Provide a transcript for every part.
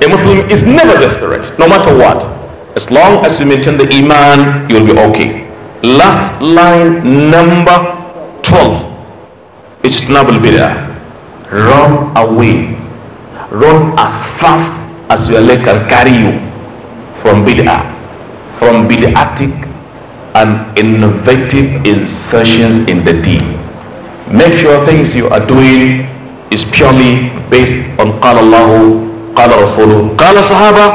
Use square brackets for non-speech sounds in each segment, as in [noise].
A Muslim is never desperate, no matter what. As long as you maintain the Iman, you'll be okay. Last line number 12. It's Ijtinabul bid'ah. Run away. Run as fast as your leg can carry you from bid'ah. From bid'atic and innovative insertions in the deen. Make sure things you are doing is purely based on qala Allahu قال رسوله قال صحابة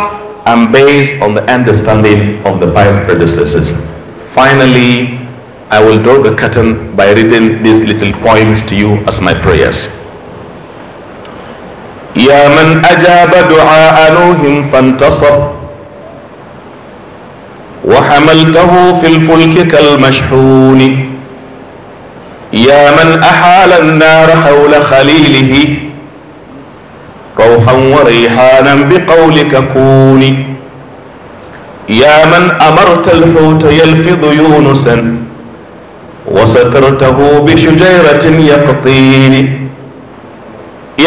I'm based on the understanding of the pious predecessors. Finally, I will draw the curtain by reading these little poems to you as my prayers. يا من أجاب دعاء نوح فانتصر وحملته في الفلك كالمشحون يا من أحال النار حول خليله روحا وريحانا بقولك كوني يا من أمرت الحوت يلفظ يونسا وسترته بشجيرة يقطين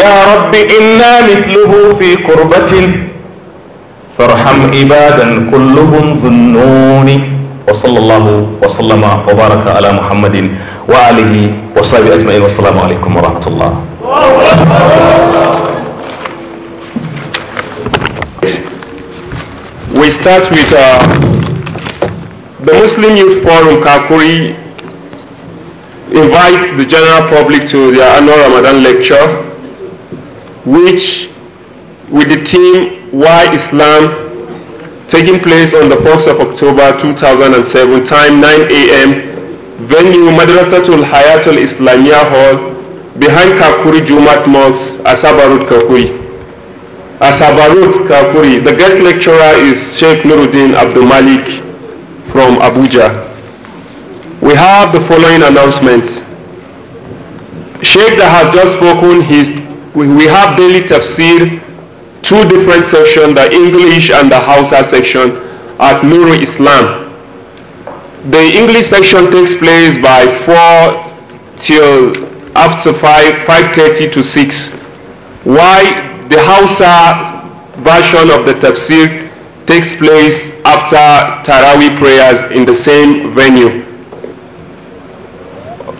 يا رب إنا مثله في كربة فارحم عبادا كلهم ظنوني وصلى الله وسلم وبارك على محمد وآله وصحبه أجمعين والسلام عليكم ورحمة الله we start with uh, the Muslim Youth Forum Kakuri invites the general public to their annual Ramadan lecture, which with the theme Why Islam taking place on the 4th of October 2007, time 9 a.m., venue Madrasatul Hayatul Islamiyah Hall, behind Kakuri Jumat Mosque, Asabarut Road, Kakuri. Asabarut Kalkuri, The guest lecturer is Sheikh Nuruddin Abdul Malik from Abuja. We have the following announcements. Sheikh that has just spoken, his, we have daily tafsir, two different sections, the English and the Hausa section at Nuru Islam. The English section takes place by 4 till after 5, 5.30 to 6. Why the Hausa version of the tafsir takes place after Tarawih prayers in the same venue.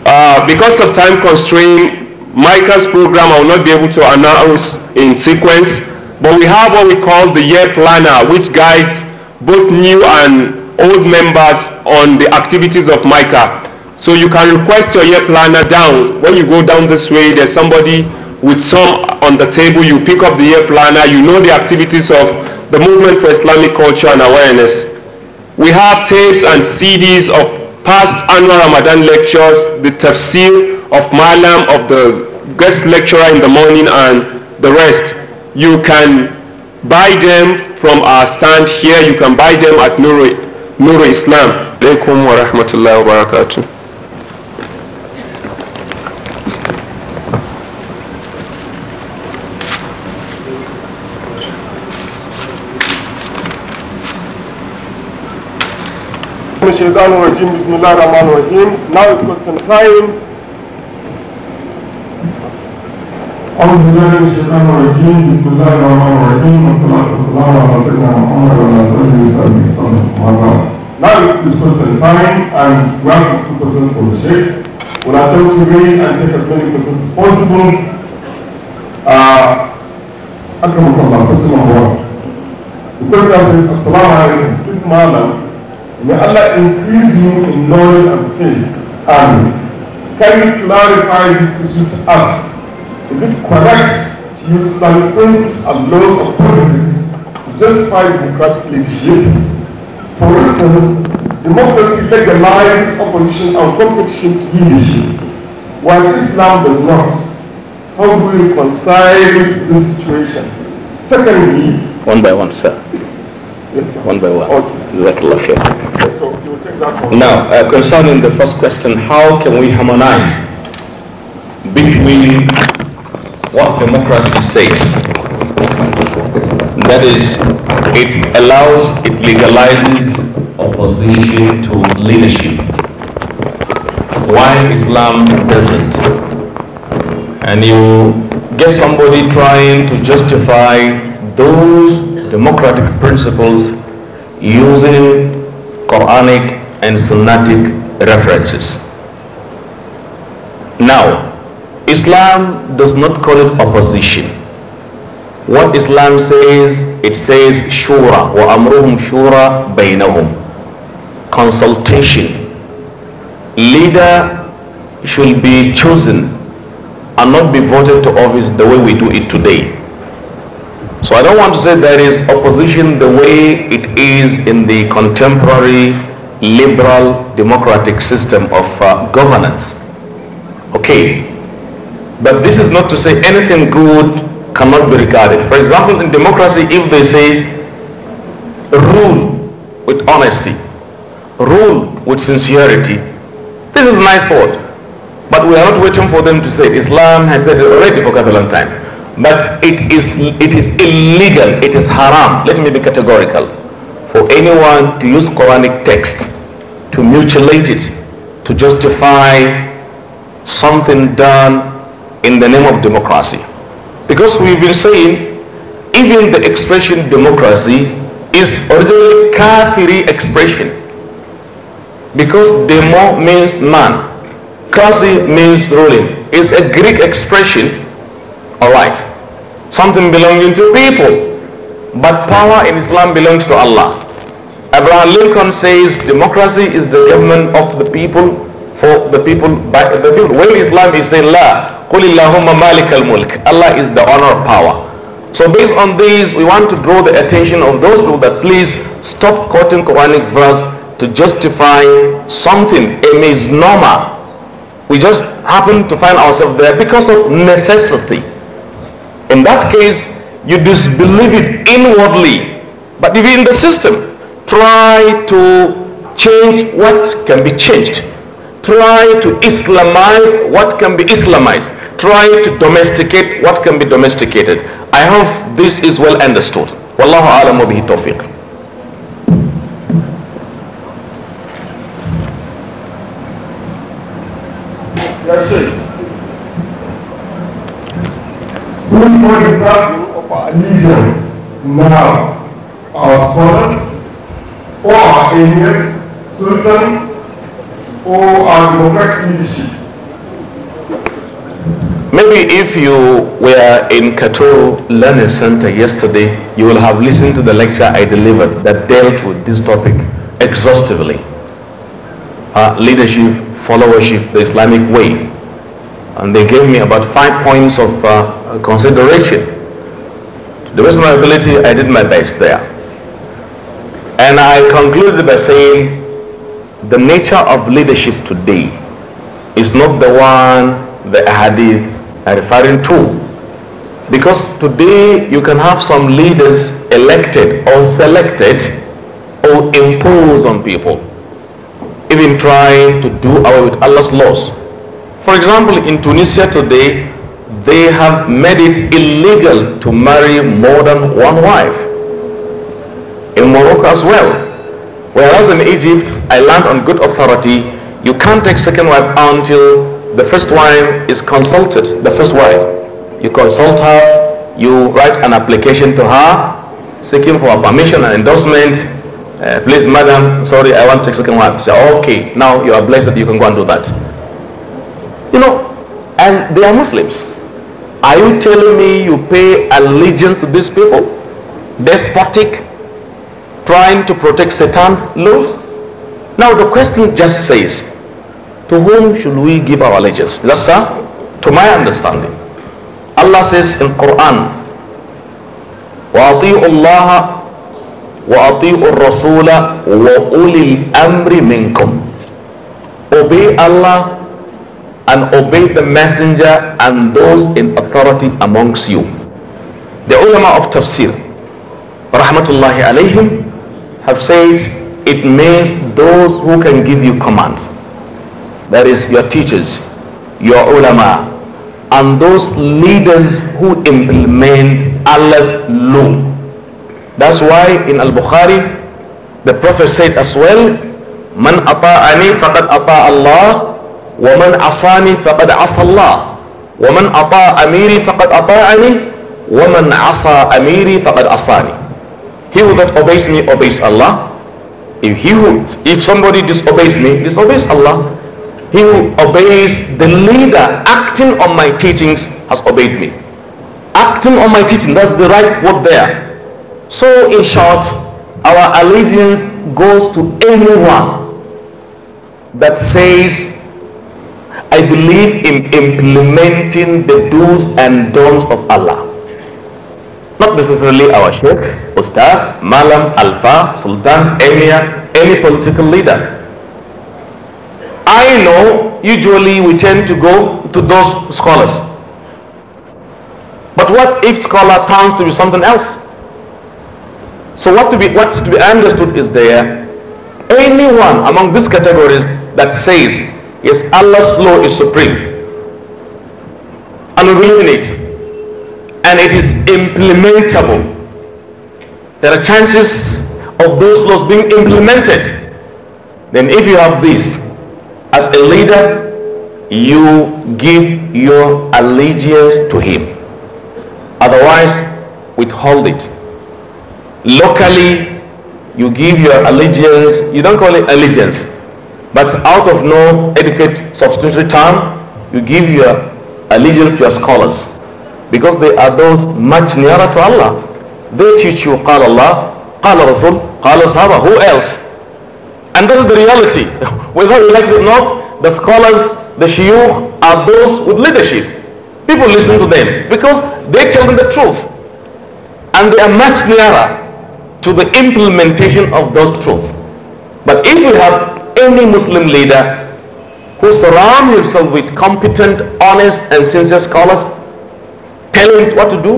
Uh, because of time constraint, Micah's program I will not be able to announce in sequence, but we have what we call the year planner, which guides both new and old members on the activities of Micah. So you can request your year planner down. When you go down this way, there's somebody with some on the table, you pick up the year planner, you know the activities of the Movement for Islamic Culture and Awareness. We have tapes and CDs of past annual Ramadan lectures, the tafsir of Malam, of the guest lecturer in the morning and the rest. You can buy them from our stand here. You can buy them at Nuru, Islam. Alaikum wa rahmatullahi wa barakatuh. shaitan rajim bismillah rahman rahim now is question time أعوذ بالله من الشيطان الرجيم بسم الله الرحمن الرحيم والصلاة والسلام على سيدنا محمد وعلى آله وصحبه وسلم Now it's discussion time and we have two questions for the Sheikh. We'll attempt to read and take as many questions as possible. Uh, the الله, تسلم الله. The question is, السلام عليكم. Please, Madam, May Allah increase you in knowledge and faith. Amen. Can you clarify this issue to us? Is it correct to use Islamic principles and laws of politics to justify democratic leadership? For instance, democracy legalizes opposition and competition to leadership, while Islam does not. How do we reconcile this situation? Secondly, one by one, sir one by one. Okay. okay so you take that one. Now, uh, concerning the first question, how can we harmonize between what democracy says? That is, it allows, it legalizes opposition to leadership. Why Islam doesn't? And you get somebody trying to justify those democratic principles using Quranic and Sunnatic references. Now, Islam does not call it opposition. What Islam says, it says shura, wa amruhum shura bainahum. Consultation. Leader should be chosen and not be voted to office the way we do it today. So I don't want to say there is opposition the way it is in the contemporary liberal democratic system of uh, governance. Okay, but this is not to say anything good cannot be regarded. For example, in democracy, if they say rule with honesty, rule with sincerity, this is a nice word. But we are not waiting for them to say it. Islam has said it already for quite a long time but it is it is illegal it is haram let me be categorical for anyone to use quranic text to mutilate it to justify something done in the name of democracy because we've been saying even the expression democracy is originally kafiri expression because demo means man Krasi means ruling. It's a Greek expression. Alright something belonging to people. But power in Islam belongs to Allah. Abraham Lincoln says democracy is the government of the people, for the people, by the people. When Islam is saying La, قُلِ اللَّهُمَّ Allah is the owner of power. So based on these, we want to draw the attention of those people that please stop quoting Quranic verse to justify something, a misnomer. We just happen to find ourselves there because of necessity. In that case, you disbelieve it inwardly, but within the system, try to change what can be changed. Try to Islamize what can be Islamized. Try to domesticate what can be domesticated. I hope this is well understood. Wallahu alamu bihi tawfiq. Yes, sir. for the of our allegiance now? Our scholars, or our emirs, sultan, or our democratic leadership? Maybe if you were in Kato Learning Center yesterday, you will have listened to the lecture I delivered that dealt with this topic exhaustively. Uh, leadership, followership, the Islamic way. And they gave me about five points of uh, consideration. To the best of my ability, I did my best there. And I concluded by saying the nature of leadership today is not the one the hadith are referring to. Because today you can have some leaders elected or selected or imposed on people, even trying to do away with Allah's laws. For example, in Tunisia today, they have made it illegal to marry more than one wife. In Morocco as well. Whereas in Egypt, I learned on good authority, you can't take second wife until the first wife is consulted, the first wife. You consult her, you write an application to her, seeking for permission and endorsement. Uh, please, madam, sorry, I want to take second wife. Say, so, okay, now you are blessed, you can go and do that. You know, and they are Muslims. Are you telling me you pay allegiance to these people? Despotic, trying to protect Satan's laws? Now the question just says, to whom should we give our allegiance? Yes, sir, to my understanding. Allah says in Quran, وَأَطِيعُوا اللَّهَ وَأَطِيعُوا الرَّسُولَ وَأُولِي الْأَمْرِ مِنْكُمْ Obey Allah and obey the messenger and those in authority amongst you. The ulama of tafsir, rahmatullahi alayhim, have said it means those who can give you commands. That is your teachers, your ulama, and those leaders who implement Allah's law. That's why in Al-Bukhari, the Prophet said as well, Man ata'ani faqad ata Allah ومن عصاني فقد عصى الله ومن أطاع أميري فقد أطاعني ومن عصى أميري فقد عصاني He who that obeys me obeys Allah. If he who, if somebody disobeys me, disobeys Allah. He who obeys the leader acting on my teachings has obeyed me. Acting on my teaching, that's the right word there. So in short, our allegiance goes to anyone that says I believe in implementing the do's and don'ts of Allah. Not necessarily our sheikh, ustaz, malam, alfa, sultan, emir, any political leader. I know usually we tend to go to those scholars. But what if scholar turns to be something else? So what to be what to be understood is there anyone among these categories that says Yes, Allah's law is supreme, unrulinate, and it is implementable. There are chances of those laws being implemented. Then, if you have this as a leader, you give your allegiance to him. Otherwise, withhold it. Locally, you give your allegiance, you don't call it allegiance but out of no adequate substitutory term, you give your allegiance to your scholars. Because they are those much nearer to Allah. They teach you قال Allah, قال Rasul, قال Sahaba, who else? And that is the reality. [laughs] Whether you like it or not, the scholars, the shiur are those with leadership. People listen to them because they tell them the truth. And they are much nearer to the implementation of those truths. But if we have any Muslim leader who surround himself with competent, honest and sincere scholars, telling what to do,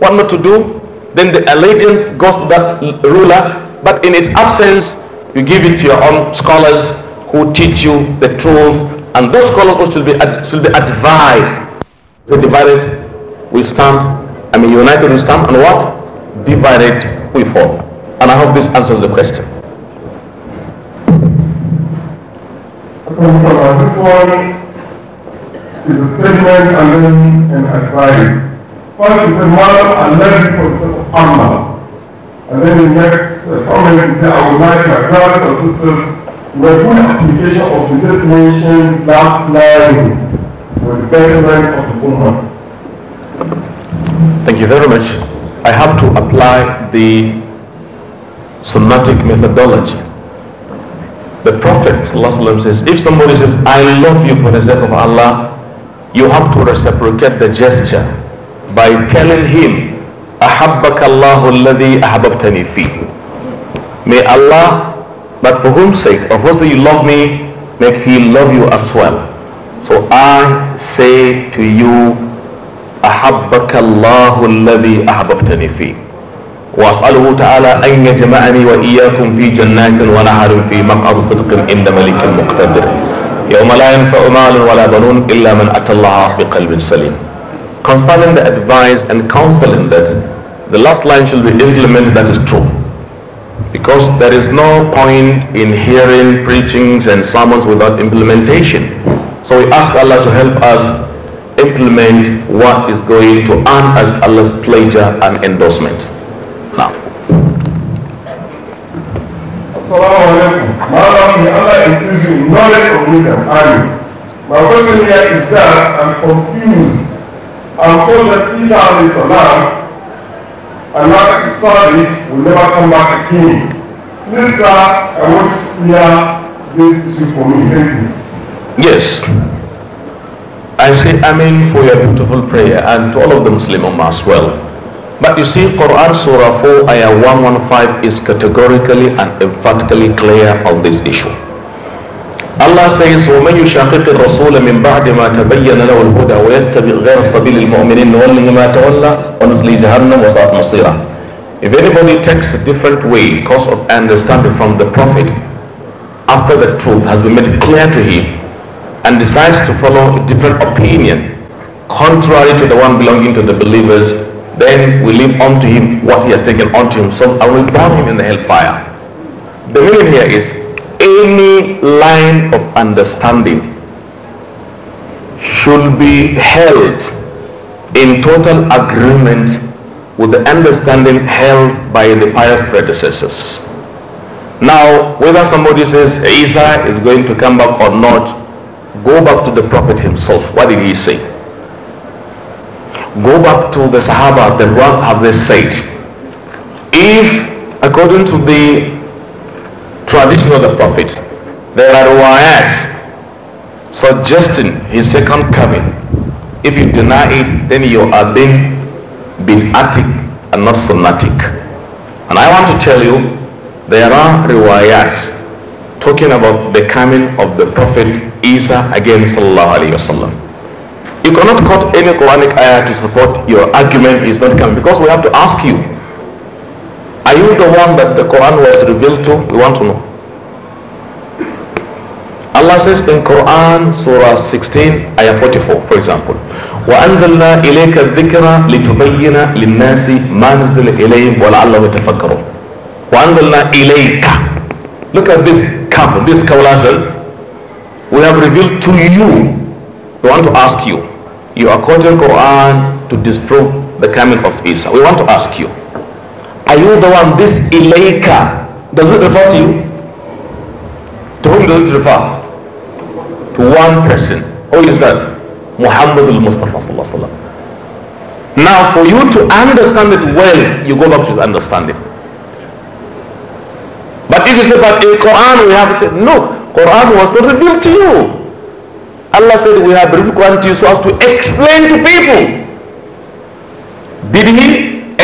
what not to do, then the allegiance goes to that ruler. But in its absence, you give it to your own scholars who teach you the truth. And those scholars should be, should be advised. So divided, we stand. I mean, united we stand. And what? Divided, we fall. And I hope this answers the question. comes from our report is a statement and then an advice. First is a model and learning from Muhammad. And then the next uh, comment is that I would like my brothers and sisters the full application of the definition last line for the betterment of the woman. Thank you very much. I have to apply the somatic methodology the Prophet ﷺ says, if somebody says, I love you for the sake of Allah, you have to reciprocate the gesture by telling him, May Allah, but for whom sake, of whose you love me, make he love you as well. So I say to you, أحبك الله الذي أحببتني فيه. وأسأله تعالى أن يجمعني وإياكم في جنات ونهر في مقعد صدق عند ملك مقتدر يوم لا ينفع مال ولا بنون إلا من أتى الله بقلب سليم Concerning the advice and counseling that the last line shall be implemented, that is true. Because there is no point in hearing preachings and sermons without implementation. So we ask Allah to help us implement what is going to earn us Allah's pleasure and endorsement. My question here is that I'm confused. I'm told that Isa alayhi salam and Nabi Salih will never come back again. Please, sir, I want this issue for me. Yes. I say Amen for your beautiful prayer and to all of the Muslim Ummah as well. But you see, Quran Surah 4, Ayah 115 is categorically and emphatically clear on this issue. Allah says, ومن يشاقق الرسول من بعد ما تبين له الهدى ويتبع غير سبيل المؤمنين نوله ما تولى ونصلي جهنم If anybody takes a different way, cause of understanding from the Prophet, after the truth has been made clear to him, and decides to follow a different opinion, contrary to the one belonging to the believers, then we leave unto him what he has taken unto himself and we burn him in the hellfire. The meaning here is any line of understanding should be held in total agreement with the understanding held by the pious predecessors. Now, whether somebody says Isa is going to come back or not, go back to the prophet himself. What did he say? go back to the Sahaba then what have they said if according to the tradition of the Prophet there are riwayats suggesting his second coming if you deny it then you are being bid'atic and not sunnatic and I want to tell you there are riwayats talking about the coming of the Prophet Isa again sallallahu alayhi you cannot quote any Quranic ayah to support your argument is not coming because we have to ask you. Are you the one that the Quran was revealed to? We want to know. Allah says in Quran, Surah 16, Ayah 44, for example, وَأَنزَلْنَا إِلَيْكَ الذِّكْرَ لِتُبَيِّنَ لِلنَّاسِ مَا نُزِّلَ إِلَيْهِمْ وَلَعَلَّهُمْ يَتَفَكَّرُونَ وَأَنزَلْنَا إِلَيْكَ Look at this cup, this kawlasal. We have revealed to you. We want to ask you. You are quoting Quran to disprove the coming of Isa. We want to ask you, are you the one, this Ilaika, does it refer to you? To whom does it refer? To one person. Who is that? Muhammad al-Mustafa Now for you to understand it well, you go back to his understanding. But if you say, but in Quran we have said, no, Quran was not revealed to you. Allah said, we have written to you so as to explain to people. Did he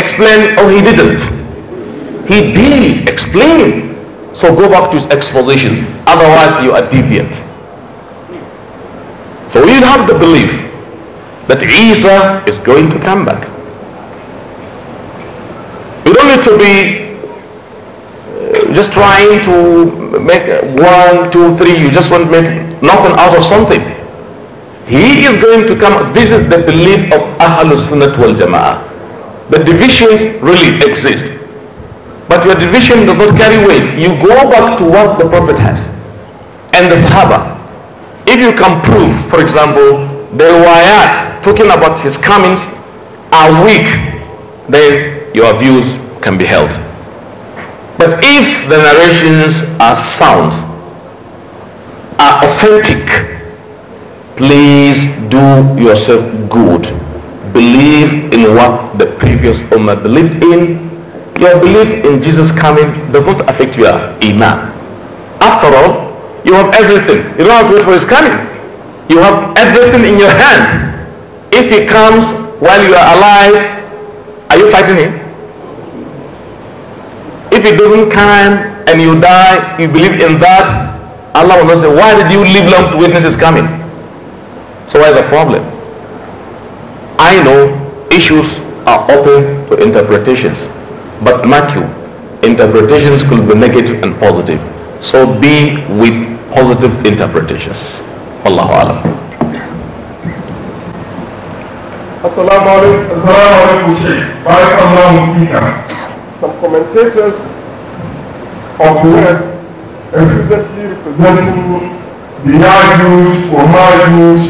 explain or he didn't? He did explain. So go back to his expositions. Otherwise you are deviant. So we have the belief that Isa is going to come back. You don't need to be uh, just trying to make one, two, three. You just want to make nothing out of something. He is going to come. This is the belief of Ahlul Sunnah wal Jama'ah. The divisions really exist. But your division does not carry weight. You go back to what the Prophet has and the Sahaba. If you can prove, for example, the riwayat talking about his comings are weak, then your views can be held. But if the narrations are sound, are authentic, please do yourself good. Believe in what the previous Ummah believed in. Your belief in Jesus coming does not affect your Iman. After all, you have everything. You don't have to wait for his coming. You have everything in your hand. If he comes while you are alive, are you fighting him? If he doesn't come and you die, you believe in that, Allah will not say, why did you live long to witness his coming? So why the problem? I know issues are open to interpretations, but mark you, interpretations could be negative and positive. So be with positive interpretations. Allahu Alam. Assalamu alaikum. Some commentators of the West explicitly representing the Yajuj or Majuj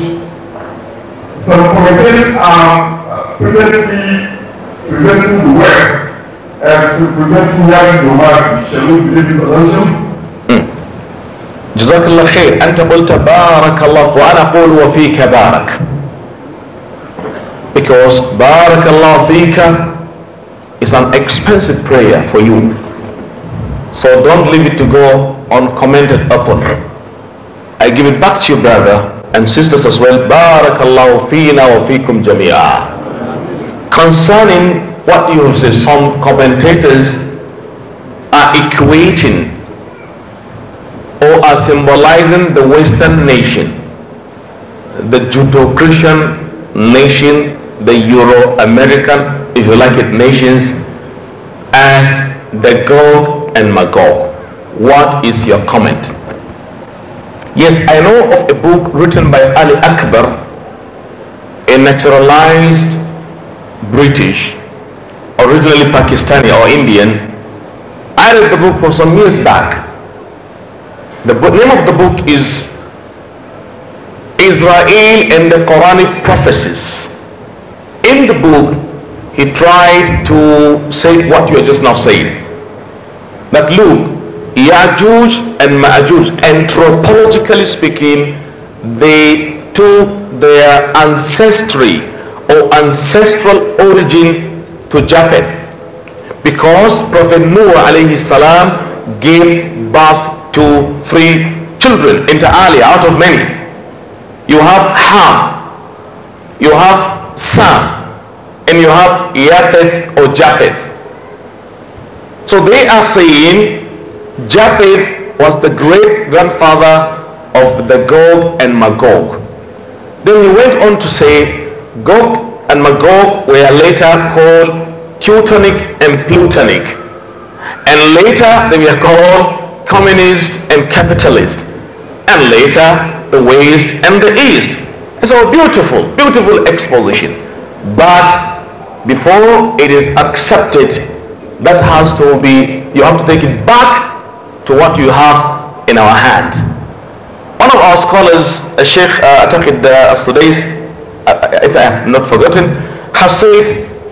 so communicating um, are presently presenting the word and to prevent hearing the word. Shall we believe this assertion? جزاك الله خير أنت قلت بارك الله وأنا أقول وفيك بارك because بارك الله فيك is an expensive prayer for you so don't leave it to go uncommented upon I give it back to you brother and sisters as well. Barakallahu feena wa fikum jamia. Concerning what you have said, some commentators are equating or are symbolizing the Western nation, the Judo-Christian nation, the Euro-American, if you like it, nations, as the Gog and Magog. What is your comment? Yes, I know of a book written by Ali Akbar, a naturalized British, originally Pakistani or Indian. I read the book for some years back. The book, name of the book is Israel and the Quranic Prophecies. In the book, he tried to say what you are just now saying. That look, Yajuj and Ma'juj, anthropologically speaking, they took their ancestry or ancestral origin to Japan because Prophet Noah alayhi salam gave birth to three children inter alia out of many. You have Ham, you have Sam, and you have Yafeth or Japheth. So they are saying Japheth was the great grandfather of the Gog and Magog. Then he went on to say Gog and Magog were later called Teutonic and Plutonic. And later they were called communist and capitalist. And later the West and the East. It's all beautiful, beautiful exposition. But before it is accepted, that has to be, you have to take it back to what you have in our hand. One of our scholars, a Sheikh uh, Atakid uh, today's, if I have not forgotten, has said,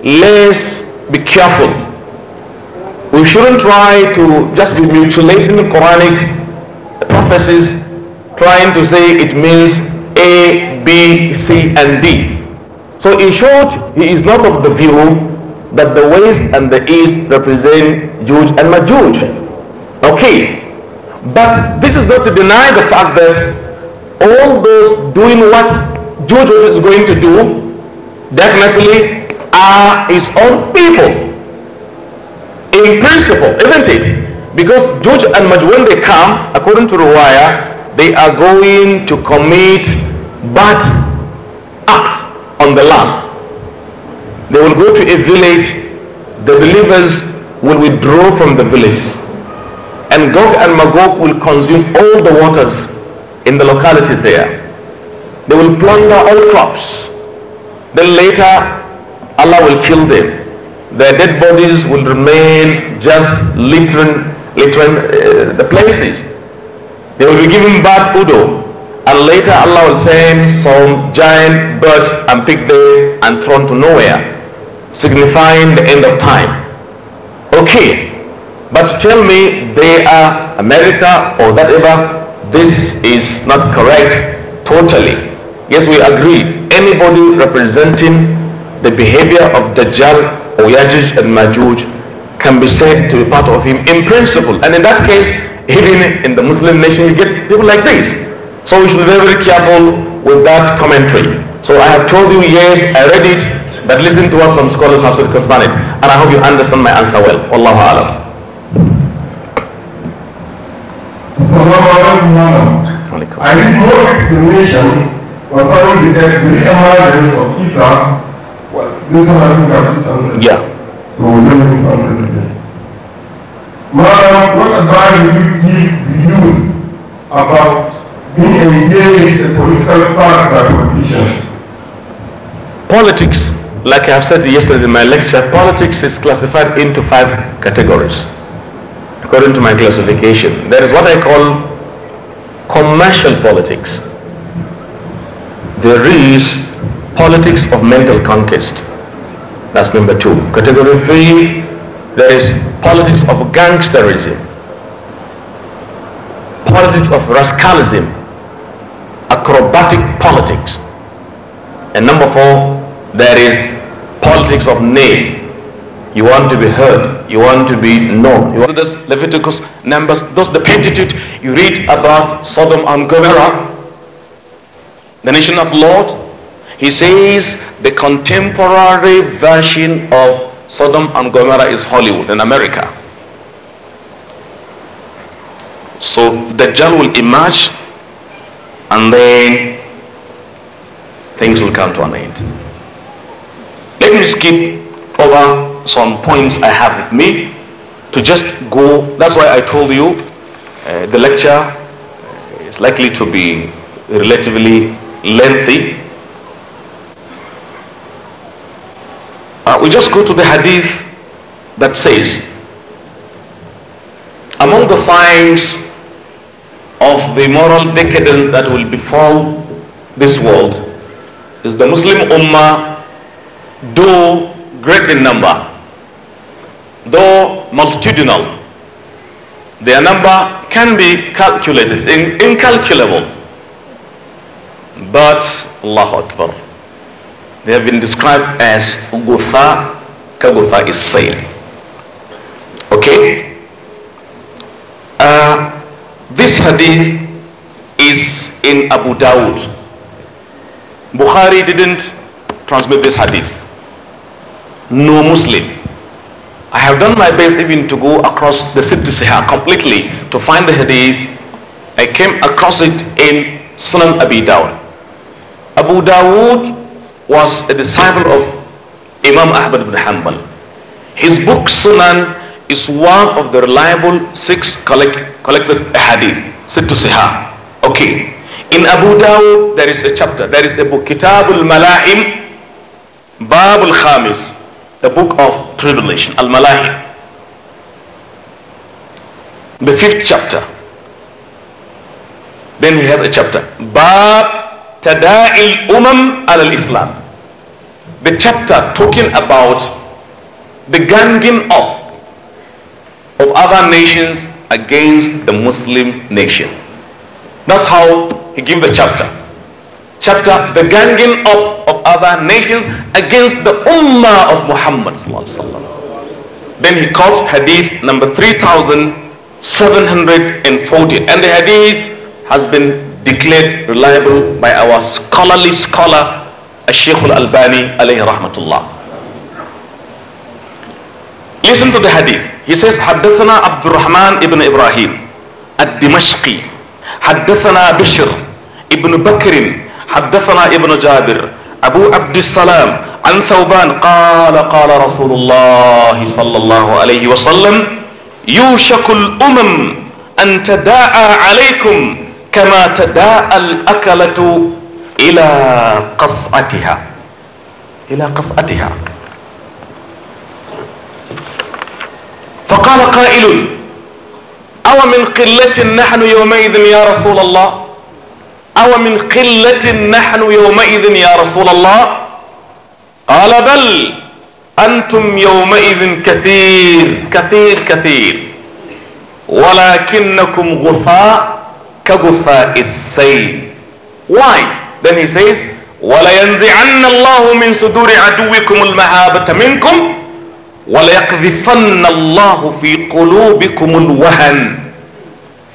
let's be careful. We shouldn't try to just be mutilating Quranic prophecies, trying to say it means A, B, C, and D. So in short, he is not of the view that the West and the East represent Jews and Majuj. Okay, but this is not to deny the fact that all those doing what Jojo is going to do definitely are his own people. In principle, isn't it? Because Judge and Maj, when they come, according to Ruwaya, they are going to commit bad acts on the land. They will go to a village, the believers will withdraw from the villages and Gog and Magog will consume all the waters in the locality there. They will plunder all crops. Then later, Allah will kill them. Their dead bodies will remain just littering, littering uh, the places. They will be given bad udo. And later Allah will send some giant birds and pick them and thrown to nowhere, signifying the end of time. Okay, but tell me they are America or whatever, this is not correct totally. Yes, we agree. Anybody representing the behavior of Dajjal or Yajuj and Majuj can be said to be part of him in principle. And in that case, even in the Muslim nation, you get people like this. So we should be very careful with that commentary. So I have told you, yes, I read it, but listen to what some scholars have said concerning it. And I hope you understand my answer well. Wallahu alam. point one. I think most examination were probably the emergence of Islam, well, this is Africa 600. Yeah. So we will do in Madam, what advice would you give the youth about being engaged in political part by politicians? Politics, like I have said yesterday in my lecture, politics is classified into five categories according to my classification. There is what I call commercial politics. There is politics of mental conquest. That's number two. Category three, there is politics of gangsterism, politics of rascalism, acrobatic politics. And number four, there is politics of name. You want to be heard, you want to be known. You want this Leviticus, Numbers, those the Pentateuch. You read about Sodom and Gomorrah, the nation of Lord. He says the contemporary version of Sodom and Gomorrah is Hollywood in America. So the Dajjal will emerge and then things will come to an end. Let me skip over some points I have with me to just go. That's why I told you uh, the lecture is likely to be relatively lengthy. Uh, we just go to the hadith that says, among the signs of the moral decadence that will befall this world is the Muslim Ummah, though great in number, though multitudinal, their number can be calculated, in, incalculable. But Allahu Akbar, they have been described as Gutha, Kagutha is saying. Okay? Uh, this hadith is in Abu Dawud. Bukhari didn't transmit this hadith. No Muslim. I have done my best even to go across the Sibt Sihah completely to find the hadith. I came across it in Sunan Abi Dawud. Abu Dawud was a disciple of Imam Ahmad ibn Hanbal. His book Sunan is one of the reliable six collect collected hadith, Sittu Sihah. Okay. In Abu Dawud, there is a chapter, there is a book, Kitab al-Mala'im, Bab al-Khamis the book of Revelation, Al Malahim, the fifth chapter. Then he has a chapter, Bab Tada'il Umam al Islam. The chapter talking about the ganging up of other nations against the Muslim nation. That's how he give the chapter. Chapter, the ganging up of other nations against the Ummah of Muhammad. Then he quotes hadith number 3740. And the hadith has been declared reliable by our scholarly scholar, Sheikh al-Albani alayhi rahmatullah. Listen to the hadith. He says, حدثنا عبد ibn Ibrahim إبراهيم dimashqi حدثنا بشر ابن بكر حدثنا ابن جابر أبو عبد السلام عن ثوبان قال قال رسول الله صلى الله عليه وسلم يوشك الأمم أن تداعى عليكم كما تداعى الأكلة إلى قصعتها إلى قصعتها فقال قائل أو من قلة نحن يومئذ يا رسول الله أو من قلة نحن يومئذ يا رسول الله قال بل أنتم يومئذ كثير كثير كثير ولكنكم غثاء كغثاء السيل Why? Then he says ولينزعن الله من صدور عدوكم المهابة منكم وليقذفن الله في قلوبكم الوهن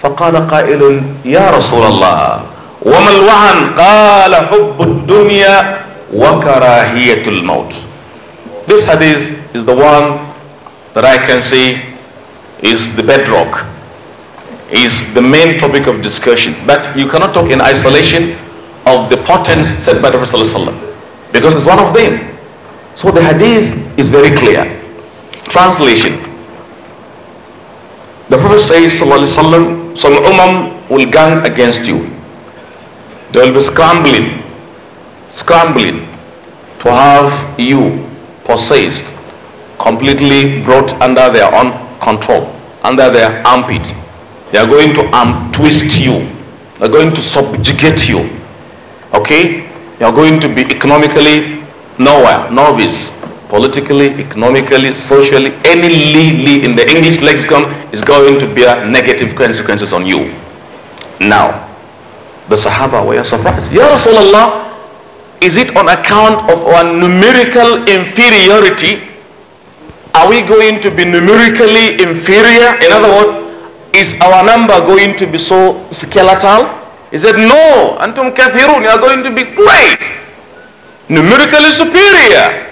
فقال قائل يا رسول الله وما قال حب الدنيا وكراهية الموت This hadith is the one that I can say is the bedrock, is the main topic of discussion. But you cannot talk in isolation of the potence said by the Prophet ﷺ, because it's one of them. So the hadith is very clear. Translation. The Prophet says, Sallallahu Alaihi Wasallam, some umam will gang against you. They will be scrambling, scrambling to have you possessed, completely brought under their own control, under their armpit. They are going to arm um, twist you. They are going to subjugate you. Okay? You are going to be economically nowhere, novice, politically, economically, socially, any lead in the English lexicon is going to bear negative consequences on you. Now, the Sahaba were surprised. Ya Rasulullah, is it on account of our numerical inferiority? Are we going to be numerically inferior? In other words, is our number going to be so skeletal? He said, No, Antum Kathirun, you are going to be great, numerically superior.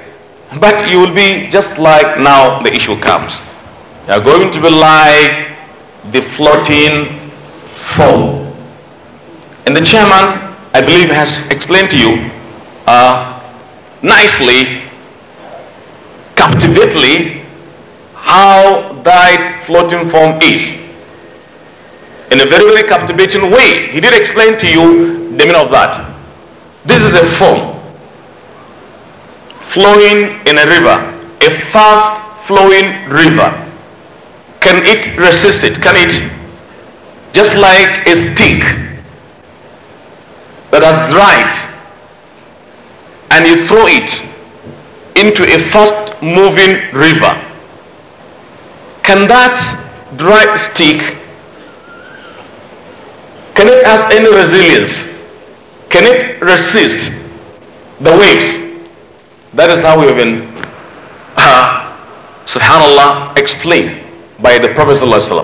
But you will be just like now the issue comes. You are going to be like the floating foam and the chairman, I believe, has explained to you uh, nicely, captivately, how that floating form is. In a very, very captivating way, he did explain to you the meaning of that. This is a form flowing in a river, a fast flowing river. Can it resist it? Can it? Just like a stick that has dried and you throw it into a fast moving river, can that dried stick, can it has any resilience? Can it resist the waves? That is how we've been, uh, subhanAllah, explained by the Prophet. ﷺ.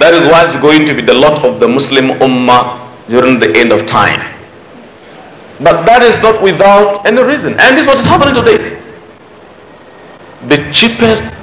That is what's going to be the lot of the Muslim Ummah during the end of time. But that is not without any reason. And this is what is happening today. The cheapest